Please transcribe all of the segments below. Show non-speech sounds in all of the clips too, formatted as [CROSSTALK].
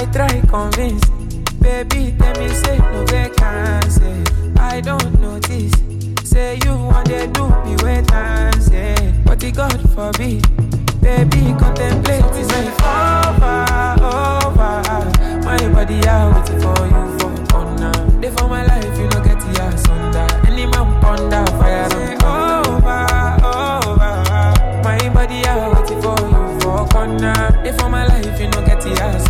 I try convince. Baby, tell me say no vacancy. Eh. I don't notice. Say you want to do me wait and say, eh. but the God forbid. Baby, contemplate is like over, over. My body, I wait for you for honor. They for my life, you know, get the ass under. Any man ponder, fire and over, over. My body, I wait for you for honor. They for my life, you know, get the ass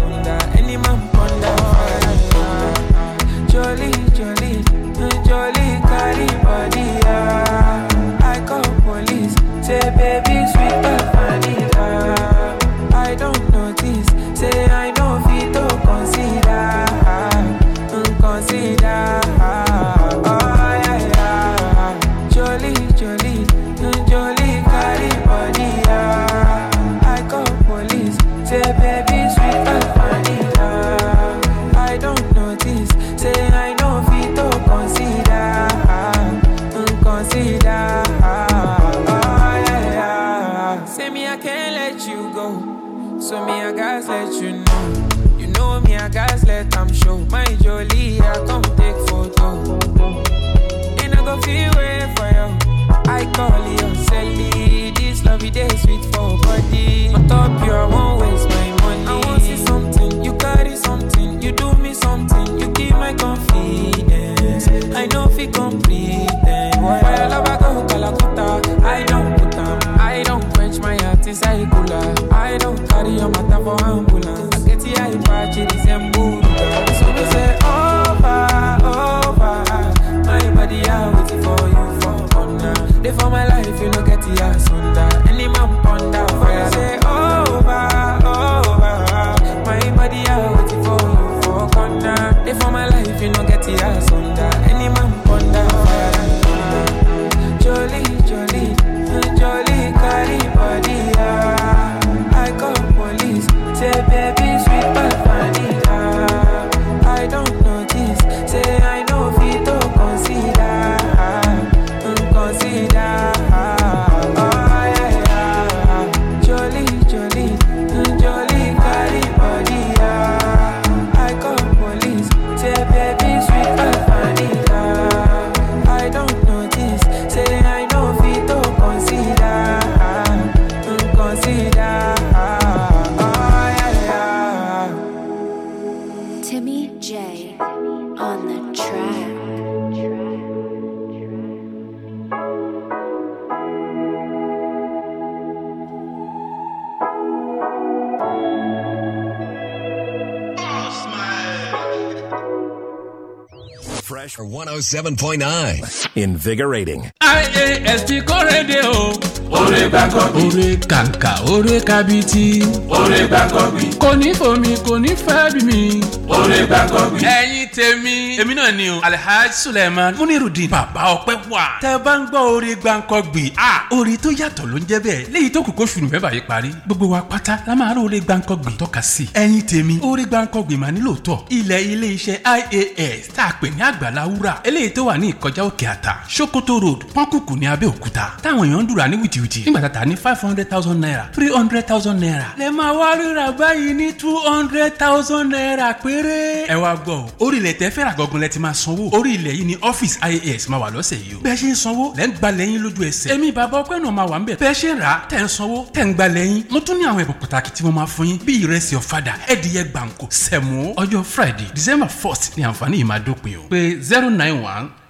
for my life, you know get the ass on that. for 107.9. Invigorating. ias ti kórede o. Ore gbàkọ́bì. Ore kàǹkà, ore kabiti. Ore gbàkọ́bì. Kò ní fomi, kò ní fẹ́ mi. Ore gbàkọ́bì. Ẹyin tèmi. Èmi náà ni o, Alhaji Suleiman Munirudin, bàbá ọpẹ́ wà. Tẹ bá ń gbọ́ ore gbàǹkọ́gbì, a ore tó yàtọ̀ ló ń jẹ́ bẹ́ẹ̀. Léyìí tó kù kó sùn nùfẹ́ báyìí parí. Gbogbo wa pátá la máa rọ ore gbàǹkọ́gbì tọ́ka sí. Ẹyin tèmi. Ore gbàǹkọ́gbì máa nílò tọ̀. Ilẹ̀ ilé iṣẹ́ IAS tá a pè ní Àgbàlá Wúrà. Eléyìí tó wà ní Ìkọjá Òkè Àtà, Sokoto Road, pọ́nkùkù ní abẹ́òkúta táwọn èèyàn ń dùrà ní wìtìwìtì nígbà tá a ta ní five hundred thousand naira three hundred thousand naira lè máa wá ríra báyìí ní two hundred thousand naira péré. ẹ wá gbọ́ o orí ilẹ̀ tẹ́ fẹ́ràn gangan lẹ ti máa sanwó orí ilẹ̀ yìí ni office ias máa wà lọ́sẹ̀ yìí o bẹ́ẹ̀ ṣe ń sanwó lẹ́ ń gba lẹ́yìn lójú ẹsẹ̀ èmi bàbá ọpẹ́ náà máa wà ń bẹ̀ bẹ́ẹ̀ ṣe rà tẹ̀ ń sanwó tẹ̀ ń gba lẹ́yìn mo tún ní àwọn ẹ̀bùn pàtàkì tí mo máa fún yín bíi ìrẹsì ọ̀fadà ẹ̀dìyẹ gbàǹkó sẹ̀mó ọjọ́ friday december first ni àǹfààní yìí máa dópin o pé zero nine one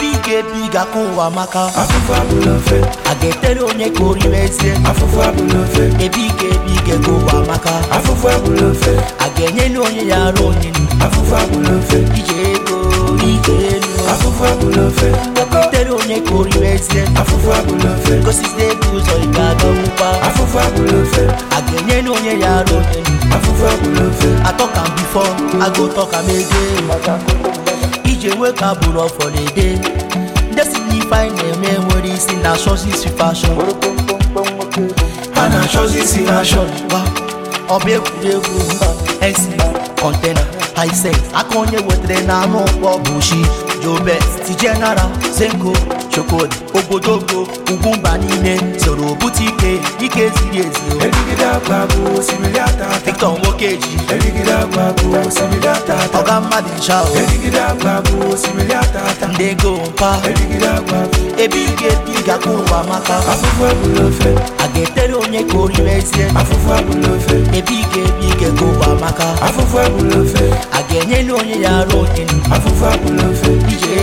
big big akowa maka afụfụ abụlọfe a ga-etere onye ka orire eze afụfụ abụlọfe ebig big ekowa maka afụfụ abụlọfe a ga-enyelu onye ya arụ onye nu afụfụ abụlọfe ije ego ije elu afụfụ abụlọfe etere onye ka orire eze afụfụ abụlọfe gosisi ego ụzọ ị ga-aga ọgwụkwa afụfụ abụlọfe a ga-enyelu onye ya arụ onye nu afụfụ abụlọfe atọ ka m bifọ agụ ụtọ ka m ego dj wake up rough for the day destiny find dem memories in na sources fashion and na sources fashion ọbẹ̀ egwuregwu ẹ̀sìn kọ̀ntẹ́nà àìsẹ̀ akọ́nyẹ̀wò tẹ̀lé náà mọ̀ pọ̀ bùṣí jobet ti general zenko chokoli ogojogo ugwumba niile soro bute ike ike ziri ezi Victor Nwokeji ọga mmadụ ncha ndị go mpa ebe ị ga-ebi gakwa ụwa maka a ga-etere onye ka o riri ezie ebe ị ga-ebi gakwa ụwa maka a ga-enyelu onye ya arụ okinu ije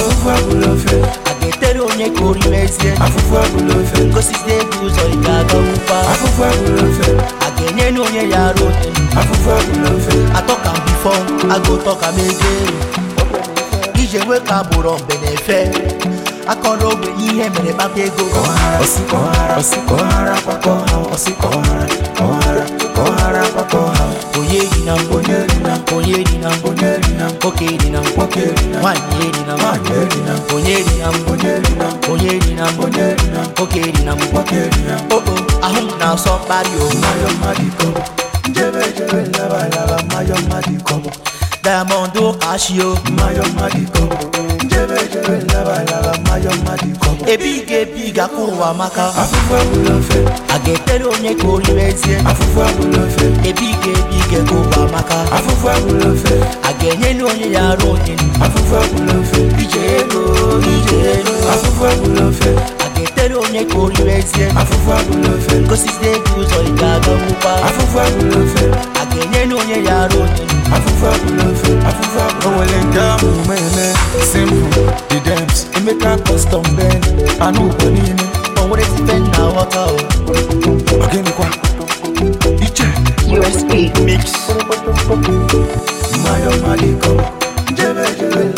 afụfụ abụla ofe a ga-etere onye ka orire ezie afụfụ abụla ofe ngosite ebu ụzọ ị ga-agawụkwa afụfụ abụla onye ya arụ ote afụfụ abụla ofe atọ ka mbifọ agụ ka m ego ije nwe ka bụrụ mbe na-efe akọrọ ogbe ihe mere kpata ego ọsị kọhara ọsị kọhara kwakọ ha ọsị kọhara dinam, onye dinam, onye dinam, onye dinam, oke dinam, oke dinam, nwanyị dinam, nwanyị dinam, onye dinam, onye dinam, onye dinam, onye dinam, oke dinam, oke dinam. O o, ahụ m na-asọ kparị o. Mmayọ mmadụ ikọmọ, njebe njebe laba laba mmayọ mmadụ ikọmọ. Diamond oh, ashio. Mmayọ mmadụ ikọmọ jere labalábá mayọ mmadụ kọbọ ebiga ebiga kwụrụ amaka afụfụ abụla mfe a ga-etere onye ka olire ezie afụfụ abụla mfe ebiga ebiga kwụrụ amaka afụfụ abụla mfe a onye ya onye afụfụ abụla mfe ije ego ije ego afụfụ abụla mfe tẹ́lẹ̀ òní kò rí rẹ̀ tiẹ̀. afúnfún àgùnlò fẹ́. kó sì dé kú sọ ìgbà àgbà mú pa. afúnfún àgùnlò fẹ́. àgbẹ̀yẹ́ ló yẹ yàrá òní. afúnfún àgùnlò fẹ́. afúnfún àgùnlò fẹ́. òwòlẹ̀ gáàmù mẹ́lẹ̀ simple the dems emeka custom bend àánú kò ní ní. òun rẹ̀ ti fẹ́ nà wọ́tà o. ọ̀gẹ́ni kwa iche. usp mix. mayọ̀ madikobo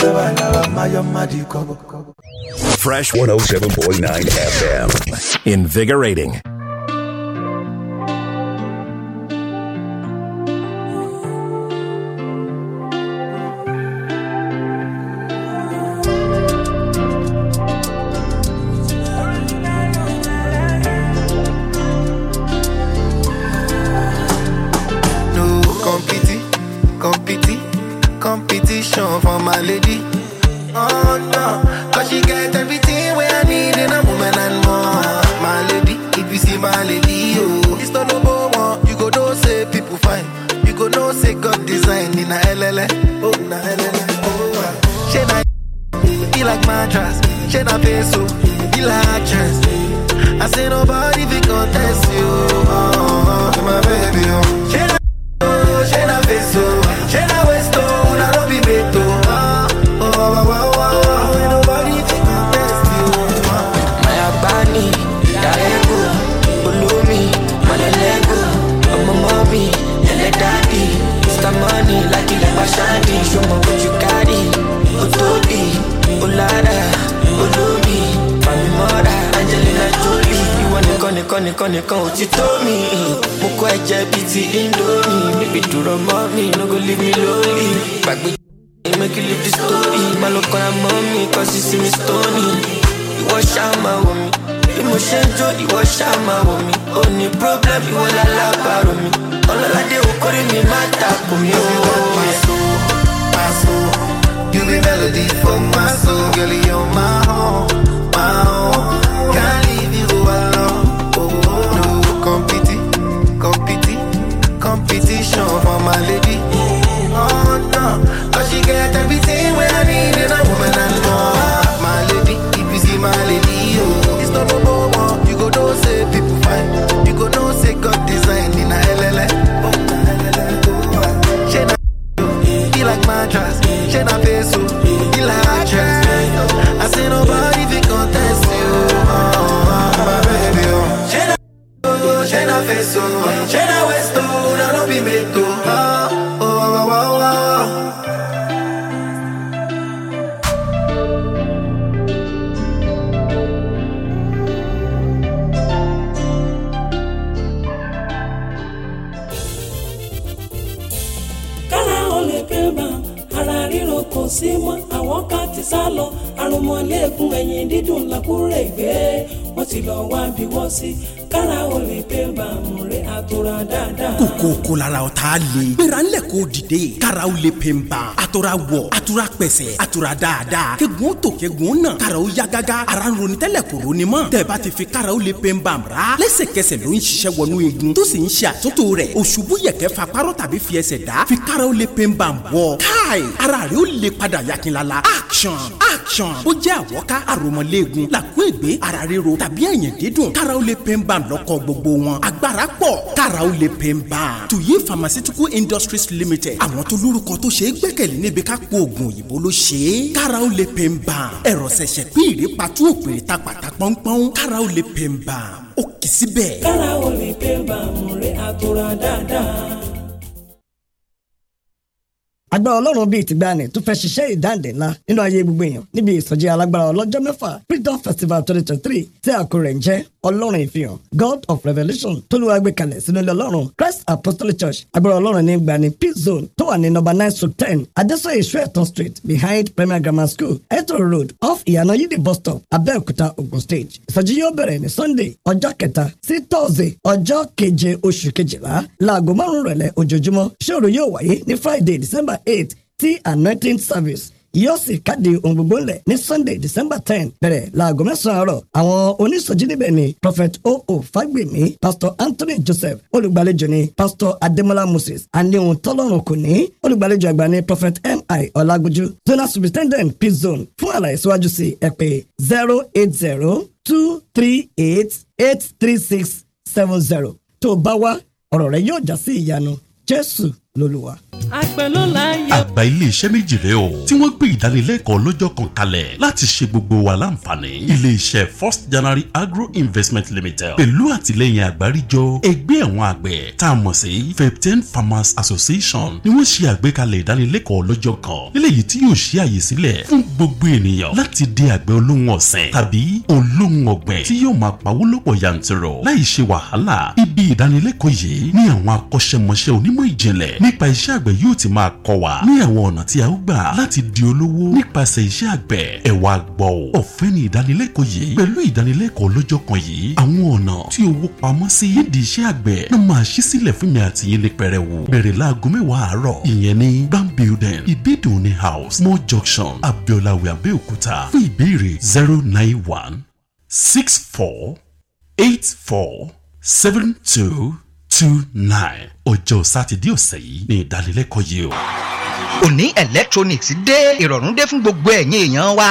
lọ́wọ́ lọ́wọ́ mayọ̀ madikobo. Fresh 107.9 FM. Invigorating. nìkan nìkan ò ti tó mi mo kọ́ ẹ̀jẹ̀ bíi ti indomie níbi dúró mọ́ mi no go leave me lonely gbàgbé make you leave the story má ló kọ́ra mọ́ mi kọ́ sí sí mi stony ìwọ ṣáà máa wò mí bí mo ṣe ń jó ìwọ ṣáà máa wò mí ò ní problem ìwọ lálábàárò mi ọlọ́ládé iwo saa wo mi má tako mi ó. You be melody for my soul, girl, you're my home, my home. for my lady. Oh no, cause she get everything. dòde karaw le pe n ban a tora wọ a tora pẹsẹ a tora dáadáa kegun tó kegun náà karaw ya gágá ara ń ronú tẹ́lẹ̀ kò ronú mọ́ ti fi karaw le pe n ban ra lẹ́sẹ̀kẹsẹ̀ ló ń ṣiṣẹ́ wọnú igun tó sì ń ṣe àtúntò rẹ̀ òṣùbù yẹ̀kẹ́ fa párọ̀ tàbí fi ẹsẹ̀ dá fi karaw le pe n ban bọ̀ káì ara rẹ̀ ó le padà yakinlala action. action action. ó jẹ́ àwọ̀ká àròmọ̀léegun làkúègbé ara ríro tàbí ẹ̀yìn dídùn kára ó lè pè ń bá lọ́kọ̀ gbogbo wọn agbára pọ̀ kára ó lè pè ń bá. tuyi pharmaceutical industries limited àwọn tó lórúkọ tó ṣe é gbẹ́kẹ̀lé níbi ká po oògùn òyìnbó ló ṣe é kára ó lè pè ń bá. ẹ̀rọ ṣẹ̀ṣẹ̀ pín ìrèpàtú òpèrè ta pàtà pọ́npọ́n kára ó lè pè ń bá ó kì í síbẹ̀. kára ó lè pè ń bá mú rí àtúrà dáadáa agbára ọlọ́run bíi tìgbàanì tó fẹ́ ṣiṣẹ́ ìdáǹdè ńlá nínú ayé gbogbo èèyàn níbi ìsọjí alágbára ọlọ́jọ́ mẹ́fà freedom festival twenty twenty three tí àkórè ń jẹ́ ọlọ́run ìfihàn god of revelation tólúwa gbé kalẹ̀ sínú ilé ọlọ́run christ apostolic church agbára ọlọ́run ní gbani peace zone tó wà ní nọ́mbà nine to ten adéṣọ́ èṣù ẹ̀tàn street behind premier grammar school Ethel road off ìyànà yídì bus stop abẹ́òkúta ogun state ìsọjí yóò bẹ̀rẹ̀ ní sunday ọjọ́ kẹta sí thursday ọjọ́ keje oṣù kejìlá láago márùn-ún rẹ̀lẹ́ ojoojúmọ́ ṣòro yóò wáyé ní friday december eight ti anointing service yóò sì káde ohun gbogbo ńlẹ̀ ní sunday december ten bẹ̀rẹ̀ láago mẹ́sàn-án àárọ̀ àwọn oníṣòjì níbẹ̀ ni prophet oo fagbemi pastor anthony joseph olùgbàlejò ni pastor Ademola moses àníhun tọ́lọ́run kò ní olùgbàlejò àgbà ni prophet mi ọlágójú zona superintendent p zone fún àlàyé síwájú sí ẹ pè zero eight zero two three eight eight three six seven zero tó o bá wá ọ̀rọ̀ rẹ yóò já sí ìyanu jésù lólúwa. àgbà iléeṣẹ́ méjì rẹ o tí wọ́n gbé ìdánilẹ́kọ̀ọ́ lọ́jọ́ kan kalẹ̀ láti ṣe gbogbo wa láǹfààní iléeṣẹ́ first january agro investment limited pẹ̀lú àtìlẹ́yìn àgbáríjọ ẹgbẹ́ àwọn àgbẹ̀ tá a mọ̀ sí fifteen farmers association ni wọ́n ṣe àgbékalẹ̀ ìdánilẹ́kọ̀ọ́ lọ́jọ́ kan lélẹ́yìí tí yóò ṣe àyè sílẹ̀ fún gbogbo ènìyàn láti di àgbẹ̀ olóhùn ọ̀sìn tàbí olóhùn ọ̀gbìn tí yóò máa pawó lọ́pọ̀ yanturu láì ṣe wàhálà ibi ni àwọn akọ́ṣẹ́mọṣẹ́ onímọ̀ ìjìnlẹ̀ nípa iṣẹ́ àgbẹ̀ yóò ti máa kọ́ wa ní àwọn ọ̀nà tí a ó gbà láti di olówó nípasẹ̀ iṣẹ́ àgbẹ̀ ẹ gbọ́ o ọ̀fẹ́ ni ìdánilẹ́kọ̀ọ́ yìí pẹ̀lú ìdánilẹ́kọ̀ọ́ lọ́jọ́ kan yìí àwọn ọ̀nà tí owó pamọ́ sí nídìí iṣẹ́ àgbẹ̀ ló máa ṣí sílẹ̀ fún mi àti yín ní pẹrẹwu bẹ̀rẹ̀ láago mẹ́wàá àárọ̀ ìyẹn ní bank building ìbídùn ní house small junction abiolawe abeokuta fún ìbéèrè zero nine one six four eight four seven two two nine ọjọ́ sátidé ọ̀sẹ̀ yìí ni ìdánilẹ́kọ̀ọ́ yìí o. òní electronics dé ìrọ̀rùn dé fún gbogbo ẹ̀yin èèyàn wa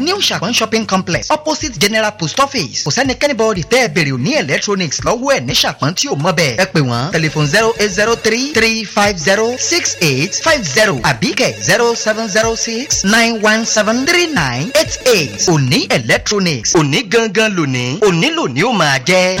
new Ṣàpọ́n shopping complex opposite general post office kò sẹ́ni kẹ́nìbọ̀dì tẹ́ ẹ bèrè ní electronics lọ́wọ́ ẹ̀ ní Ṣàpọ́n tí o mọ̀ bẹ́ẹ̀ ẹ pè wọ́n tẹlifon zero eight zero three three five zero six eight five zero àbíkẹ́ zero seven zero six nine one seven three nine eight eight òní electronics òní gangan lónìí òní lónìí ó máa jẹ́.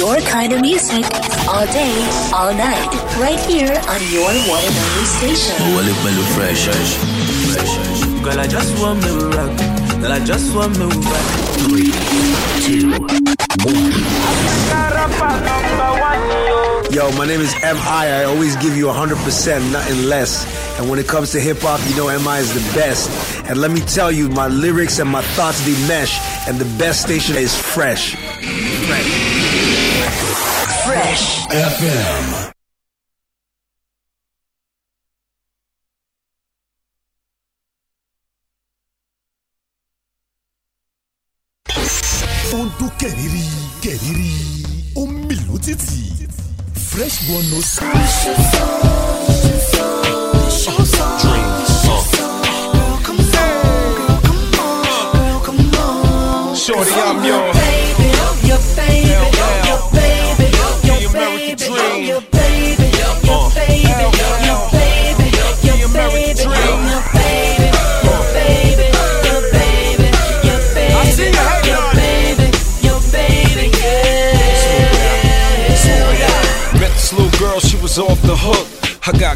Your kind of music. all day, all night, right here on your one and only station. Well, well, fresh, fresh. Girl, I just want me rock. Girl, I just want me rock. Three, two, one. Yo, my name is M.I. I always give you 100%, nothing less. And when it comes to hip hop, you know MI is the best. And let me tell you, my lyrics and my thoughts, they mesh. And the best station is fresh. Fresh. Fresh FM. ó ń dún kẹ̀rìírí kẹ̀rìírí ó ń mìlú títì Fresh one oh six.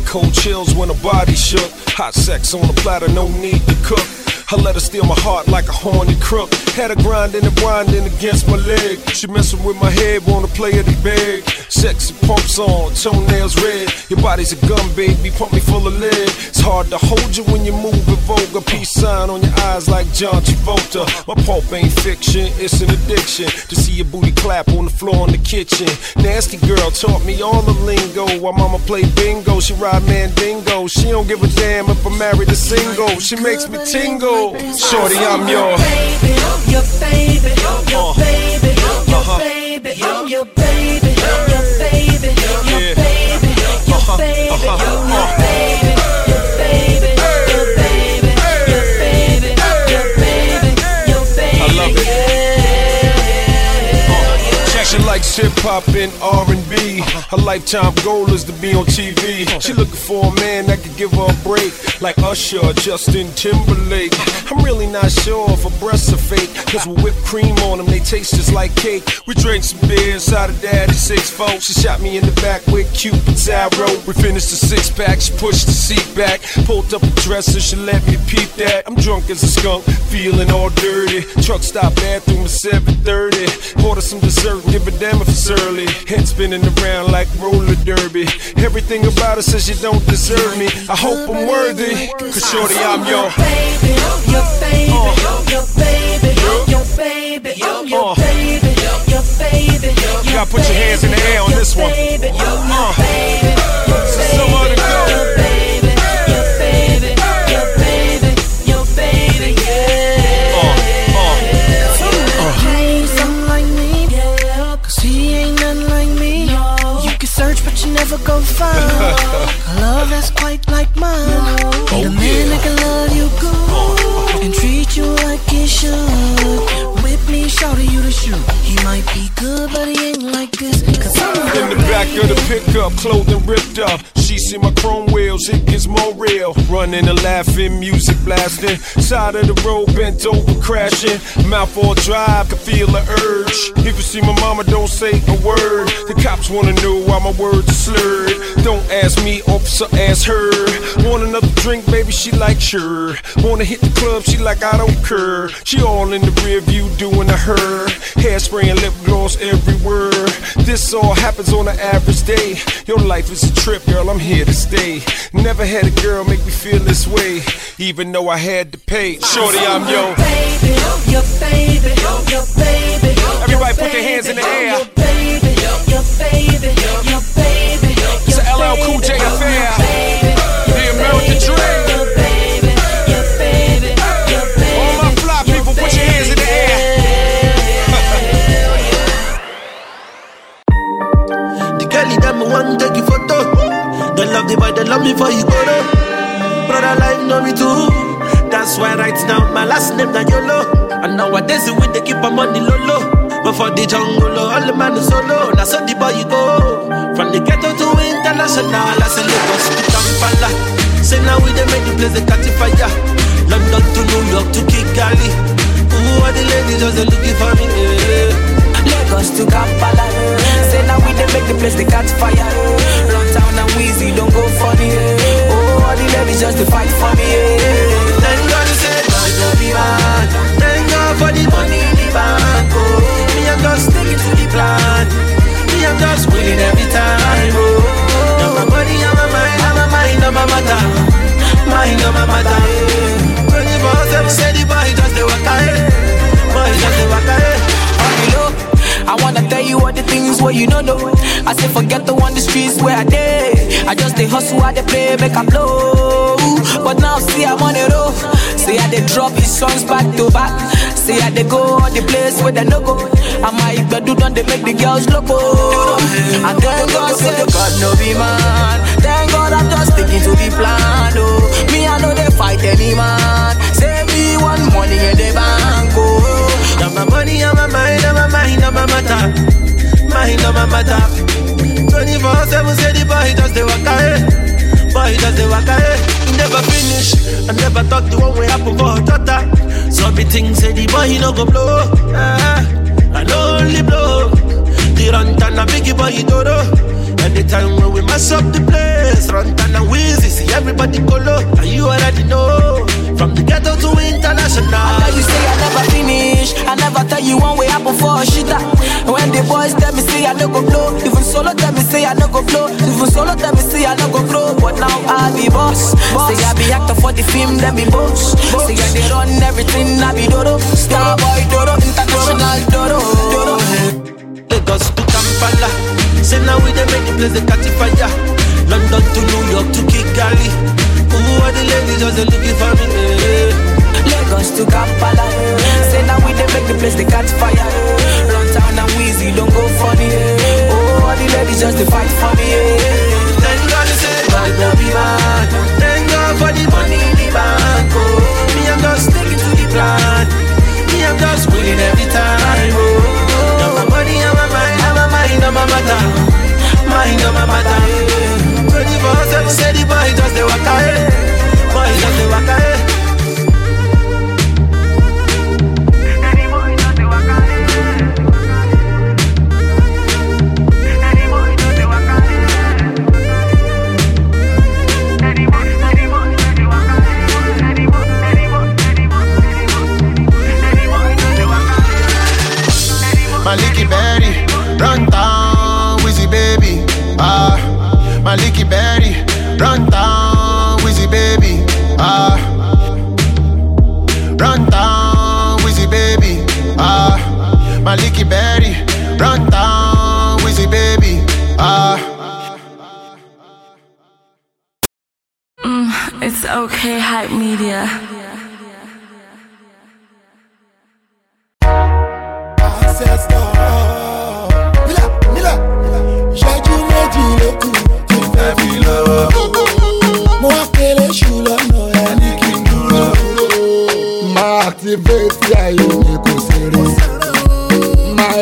cold chills when her body shook. Hot sex on a platter, no need to cook. I let her steal my heart like a horny crook. Had her grinding and grinding against my leg. She messing with my head, wanna play it big. Sexy pumps on, toenails red. Your body's a gun, baby, pump me full of lead. It's hard to hold you when you move with vulgar. Peace sign on your eyes like John Travolta. My pulp ain't fiction, it's an addiction. To see your booty clap on the floor in the kitchen. Nasty girl taught me all the lingo. While mama play bingo, she ride mandingo. She don't give a damn if I'm married or single. She makes me tingle. Shorty, I'm your baby, your baby, your baby, your uh-huh. uh-huh. baby, your baby. baby, you're my baby. Mix hip hop and R&B. Her lifetime goal is to be on TV. She looking for a man that could give her a break, like Usher or Justin Timberlake. I'm really not sure if her breasts are fake, cause with whipped cream on them, they taste just like cake. We drank some beer inside of daddy's six folks. She shot me in the back with Cupid's arrow. We finished the six pack, she pushed the seat back, pulled up a dresser, she let me peep that. I'm drunk as a skunk, feeling all dirty. Truck stop bathroom at 7:30. Order some dessert, give it if it's early. Head spinning around like roller derby. Everything about her says you don't deserve me. I hope I'm worthy. Cause shorty, I'm oh, your baby, uh. oh, your baby, oh, your baby, uh. your baby, your baby, your baby. You gotta put your hands in the air on this one. Uh, somewhere to go. back of the pickup, clothing ripped up. She see my chrome wheels, it gets more real. Running and laughing, music blasting. Side of the road bent over, crashing. Mouth all drive, feel the urge. If you see my mama, don't say a word. The cops wanna know why my words are slurred. Don't ask me, officer, ask her. Want another drink, baby? She like sure. Wanna hit the club? She like I don't care. She all in the rear view doing a her. Hairspray and lip gloss everywhere. This all happens on an average day. Your life is a trip, girl. I'm here to stay. Never had a girl make me feel this way, even though I had to pay. Shorty, I'm your baby, your baby, oh, your oh, Everybody put your hands in the air. It's LL Cool J affair. The American dream. your They love the they love me for his photo. Brother, life know me too. That's why right now my last name na YOLO. And nowadays we they keep our money low low. But for the jungle, oh, all the man is solo. Now so the boy you go from the ghetto to international. I say Lagos to Kampala. Say now we they make the place they catch fire. London to New York to Kigali. Ooh, all the ladies just a looking for me. Yeah. Lagos to Kampala. Eh? Say now we they make the place they catch fire. Eh? Run town and Weezy don't go funny. Eh? Oh, all the ladies just they fight for me. Yeah. Thank God you say God no be bad. Thank God for the money in the bank. Oh, me I'm just sticking to the plan. Me I'm just winning every time. Oh, now my body and my mind, and my mind on my matter, mind on my matter. Yeah. Twenty four seven say the boy just the walk boy eh. just the walk eh. On the low, I wanna tell you all the things what you don't know. I say forget the one the streets where I did. I just they hustle, I they play, make I blow. But now see I'm on the See I they drop his songs back to back. See I they go on the place where they no go. I might but do not they make the girls loco. And then God said God no be man. Thank God I'm just sticking to the plan. Oh, me I know they fight any man. Save me one money in the bank. Oh, now my money, and my mind, and my mind, and my matter, mind, and my matter. 24/7 say the boy just dey walk away boy just dey walk away never finish. I never thought the one way happen for her daughter. So me things say the boy he no go blow. Uh, uh-huh. I only blow. The run and a biggie boy he do do. Anytime when we mess up the place, run down and wheezy, see everybody colo, and you already know. From the ghetto to international. I you say I never finish. I never tell you one way up before shit. When the boys tell me say I no go blow, even solo tell me say I no go blow, even solo tell me say I no go blow. But now I be boss. boss. Say I be actor for the film, then be boss. boss. Say I they run everything, I be dodo. Starboy dodo, international dodo. dodo. Lagos to Kampala. Say now we the make the place they catch fire. London to New York to Kigali. Ooh, all the ladies just they looking for me. Eh? Lagos to Kampala. Eh. Say now we the make the place they catch fire. Eh? Run town and Weezy don't go funny. Eh? Oh, all the ladies just they fight for me. Thank God you say my baby man. Thank God for the money in the bank. Oh, me I'm just sticking to the plan. Me I'm just winning every time. Oh. Mind on my matter, mind on my matter. Twenty four seven, say the boy just the waka, boy just the waka.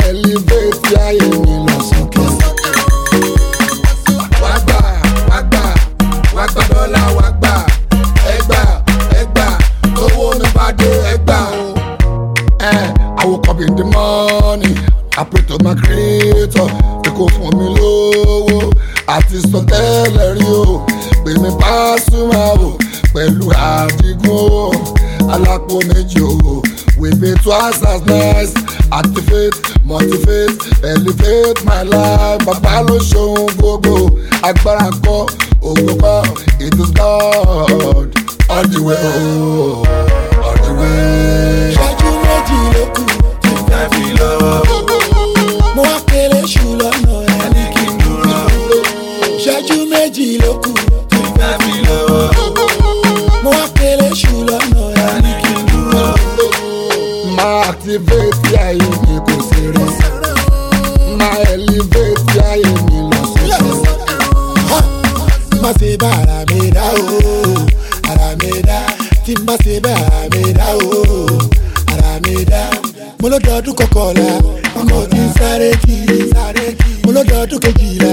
elevate ayé mi lọ sókè. wá gbà wá gbà wá gbà dọ́là wá gbà ẹgbà ẹgbà owó mi bá dé ẹgbà o. ẹ àwòkọ́ bí ndí mọ́ọ̀nì àpètò máa creator pé kò fún mi lówó àti sọtẹ́lẹ̀ rí o pè mí Pasuma o pẹ̀lú àdìgún o alápò méjì o wèbè tó àṣà. saved my life bàbá ló ṣohun gbogbo agbára kọ́ ògo it is God all the way all the way. ṣáájú méjì ló kù kí n fẹ́ fi lọ. mo wá kéré ṣù lọ́nà ẹ̀ ní kí n dúró. ṣáájú méjì ló kù kí fẹ́ fi lọ. mo wá kéré ṣù lọ́nà ẹ̀ ní kí n dúró. máa activate ayé mi kò ṣeré máa elevate bí ayé mi lọ sọ́sọ́. má ṣe bá ara mi dá o ara mi dá tí má ṣe bá ara mi dá o ara mi dá. mo lọ́dọọdún kọkànlá ọkọ̀ tí sáré kiri mo lọ́dọọdún kejìlá.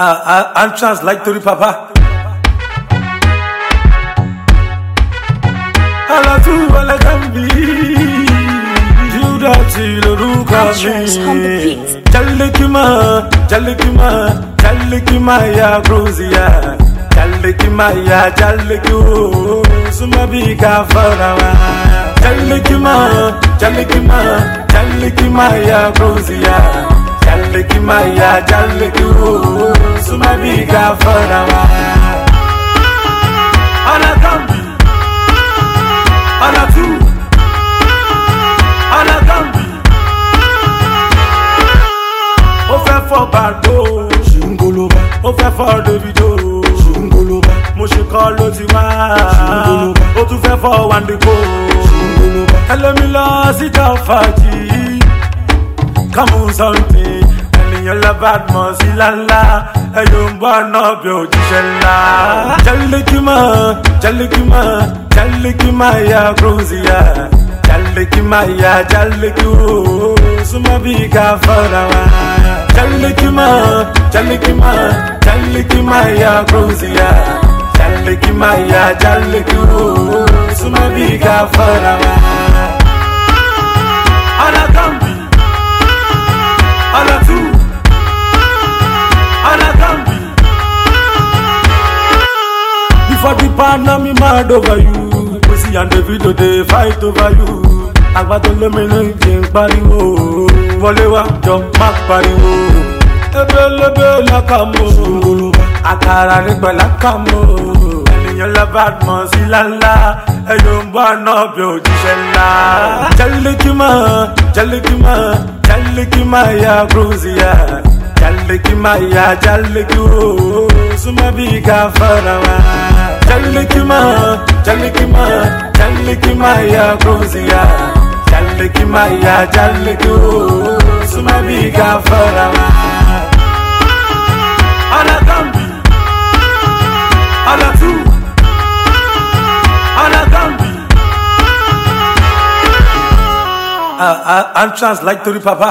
Uh, I, uh, am trans like to the papa. Alatu wala kambi Juda chilo ruka mi Jalikima, Jalikima chalekima ya Brusia Jalikima ya chaleku Sumabi kafarawa Jalikima, Jalikima, Jalikima ya Brusia jalè kí má yà jalè kí wò ó súnmọ́ bí ká fọ́ra wa. ọ̀nà kan bì ọ̀nà tù ọ̀nà kan bì ó fẹ́ fọ́ bàdó ṣùgbọ́n ó fẹ́ fọ́ Davido ṣùgbọ́n mo ṣe kọ́ ló ti wá ó tún fẹ́ fọ́ wàndíkò ẹlòmí lọ síta fàájì come on something. your love at èèyàn lábàámọ̀ sí lálá ẹ̀yọ̀ ń bọ̀ náà bí òjíṣẹ́ ńlá. jálẹ̀kímà jálẹ̀kímà jálẹ̀kímà ya gúrúzìyà jálẹ̀kímà ya jálẹ̀kíwò súnmọ́ bí ká fọ́ra wa. jálẹ̀kímà jálẹ̀kímà jálẹ̀kímà ya gúrúzìyà jálẹ̀kímà ya jálẹ̀kíwò súnmọ́ bí ká fọ́ra wa. hand over you we Pussy and video they fight over you àgbà tó lómi ló ń jẹ ń pariwo wọlé wá jọ má pariwo ebelebe lakamo àkàrà nígbà lakamo ènìyàn lábàá mọ̀ sí lánlá ẹ̀yọ̀ ń bọ̀ náà bí òjíṣẹ́ ńlá. jẹ́lẹ́kìmọ̀ jẹ́lẹ́kìmọ̀ jẹ́lẹ́kìmọ̀ ya Grozia. jalliki maya jalliki wo suma bi ka farawa jalliki ma ki ma jalliki maya goziya jalliki maya jalliki wo suma bi ka farawa ala gambi ala tu ala gambi uh, uh, trans, like Tori Papa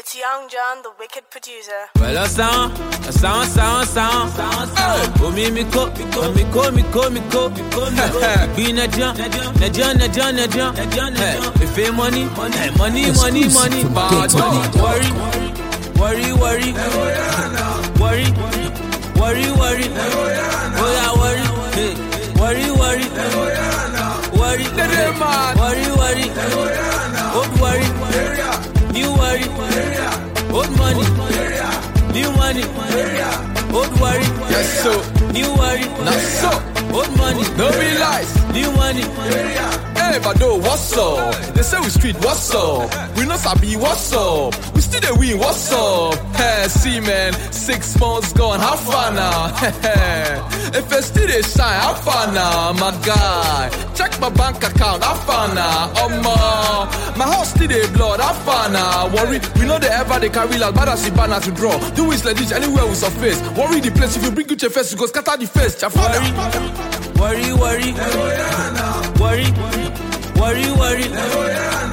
It's Young John, the wicked producer. Well, a sound, a sound, sound, sound. Oh, me, me, co, me, co, me, co, me, co, me, co, me, co, Be na John, na John, na John, na John, na John, na John. If ain't money, money, money, money, money, bad, don't worry, worry, worry. money, old worry. Yes, so. New worry, not so. Old money, no real lies. New money, do what's up? They say we street what's up? We know sabi what's up? We still the win what's up? Hey, see man, six months gone, how far now? [LAUGHS] if I still they shine, how far now? My guy, check my bank account, how far now? Oh my, my house still they blood, how far now? Worry, we know they ever they carry like bad as banner to draw. Do it like this anywhere we surface. Worry the place if you bring good your face, you go scatter the face. Chafada. Worry, worry, worry, worry. worry. Worry, worry.